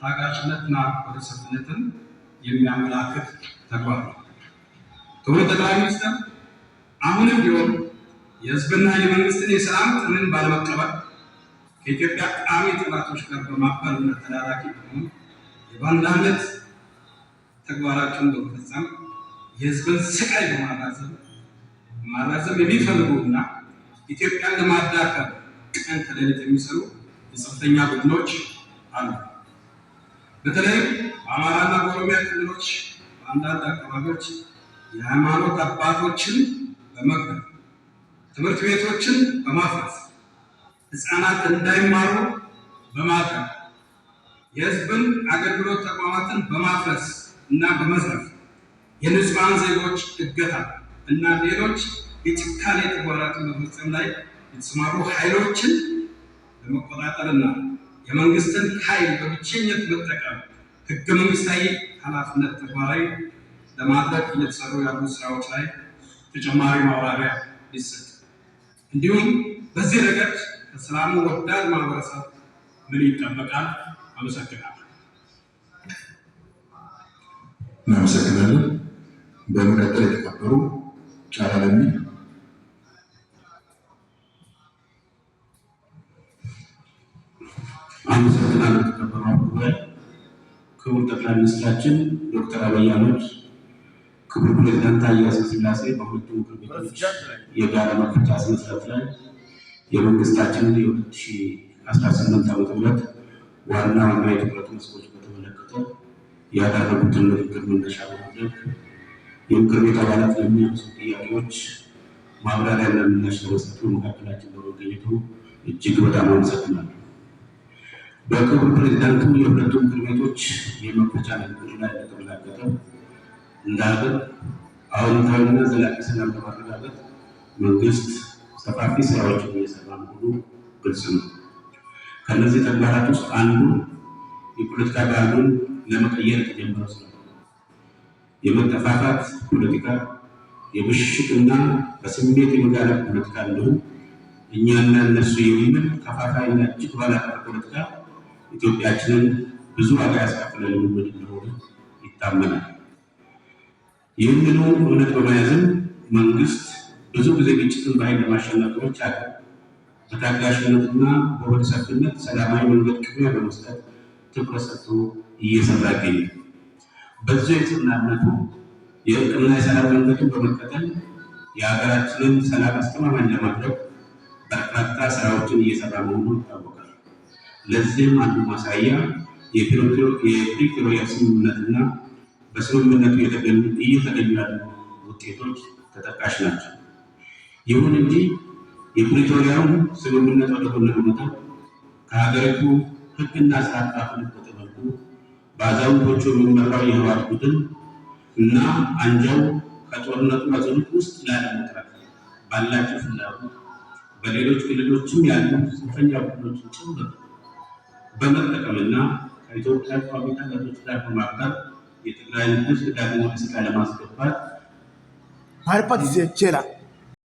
ታጋሽነትና ወደሰብነትን የሚያመላክት ተግባር ነው። ክቡር ጠቅላይ ሚኒስትር አሁንም ቢሆን የህዝብና የመንግስትን የሰላም ጥንን ባለመቀበል ከኢትዮጵያ ቃሚ ጥላቶች ጋር በማባል እና ተላላኪ በመሆን የባንዳነት ተግባራቸውን በመፈጸም የህዝብን ስቃይ በማራዘም ማራዘም የሚፈልጉ እና ኢትዮጵያን ለማዳከም ቀን ከሌሊት የሚሰሩ የጽንፈኛ ቡድኖች አሉ። በተለይም በአማራና በኦሮሚያ ክልሎች በአንዳንድ አካባቢዎች የሃይማኖት አባቶችን በመግደል ትምህርት ቤቶችን በማፍረስ ህፃናት እንዳይማሩ በማጠር የህዝብን አገልግሎት ተቋማትን በማፍረስ እና በመዝረፍ የንጹሃን ዜጎች እገታ እና ሌሎች የጭካኔ ተግባራትን በመፈጸም ላይ የተሰማሩ ኃይሎችን ለመቆጣጠርና የመንግስትን ኃይል በብቸኝነት መጠቀም ህገ መንግስታዊ ኃላፊነት ተግባራዊ ለማድረግ እየተሰሩ ያሉ ስራዎች ላይ ተጨማሪ ማብራሪያ ይሰጥ። እንዲሁም በዚህ ረገድ ከሰላም ወዳድ ማህበረሰብ ምን ይጠበቃል? አመሰግናለሁ። እናመሰግናለን። በመቀጠል የተከበሩ ጫላለሚ አመሰግናል። የተከበረው ጉባኤ፣ ክቡር ጠቅላይ ሚኒስትራችን ዶክተር አብይ አህመድ፣ ክቡር ፕሬዚዳንት ታዬ ስላሴ በሁለቱ ምክር ቤቶች የጋራ መክፈቻ ስነስርዓት ላይ የመንግስታችንን የ2018 ዓመተ ምህረት ዋና ዋና የትኩረት መስኮች በተመለከተ ያደረጉትን ንግግር መነሻ በማድረግ የምክር ቤት አባላት ለሚያነሱ ጥያቄዎች ማብራሪያ ምላሽ ለመስጠቱ መካከላችን በመገኘቱ እጅግ በጣም አመሰግናለሁ። በክቡር ፕሬዚዳንቱ የሁለቱም ምክር ቤቶች የመክፈቻ ንግግር ላይ እንደተመላከተው እንደ ሀገር አዎንታዊና ዘላቂ ሰላም ለማረጋገጥ መንግስት ሰፋፊ ስራዎችን እየሰራ መሆኑ ግልጽ ነው። ከእነዚህ ተግባራት ውስጥ አንዱ የፖለቲካ ባህሉን ለመቀየር የተጀመረው ስራ የመጠፋፋት ፖለቲካ፣ የብሽሽቅና በስሜት የመጋለብ ፖለቲካ እንዲሁም እኛና እነሱ የሚል ከፋፋይና እጅግ ባላቀር ፖለቲካ ኢትዮጵያችንን ብዙ ዋጋ ያስከፍለን እንደሆነ ይታመናል። ይህንኑ እውነት በመያዝም መንግስት ብዙ ጊዜ ግጭትን በኃይል ለማሸነፍ አለ። በታጋሽነትና በሆደ ሰፊነት ሰላማዊ መንገድ ቅድሚያ በመስጠት ትኩረት ሰጥቶ እየሰራ ይገኛል። በዚሁ የጽናነቱ የእርቅና የሰላም መንገድን በመከተል የሀገራችንን ሰላም አስተማማኝ ለማድረግ በርካታ ስራዎችን እየሰራ መሆኑ ይታወቃል። ለዚህም አንዱ ማሳያ የፕሪቶሪያ ስምምነትና በስምምነቱ እየተገኙ ያሉ ውጤቶች ተጠቃሽ ናቸው። ይሁን እንጂ የፕሪቶሪያውን ስምምነት ወደ ጎን በመተው ከሀገሪቱ ሕግና ስርዓት ባፈነገጠ መልኩ በአዛውንቶቹ የሚመራው የህወሓት ቡድን እና አንጃው ከጦርነቱ አዙሪት ውስጥ ላለመውጣት ባላቸው ፍላጎት በሌሎች ክልሎችም ያሉ ጽንፈኛ ቡድኖችን ጭምር በመጠቀምና ከኢትዮጵያ ቋሚ ጠላቶች ጋር በማበር የትግራይን ሕዝብ ዳግም ወደ ለማስገባት አርባት ጊዜ ቼላ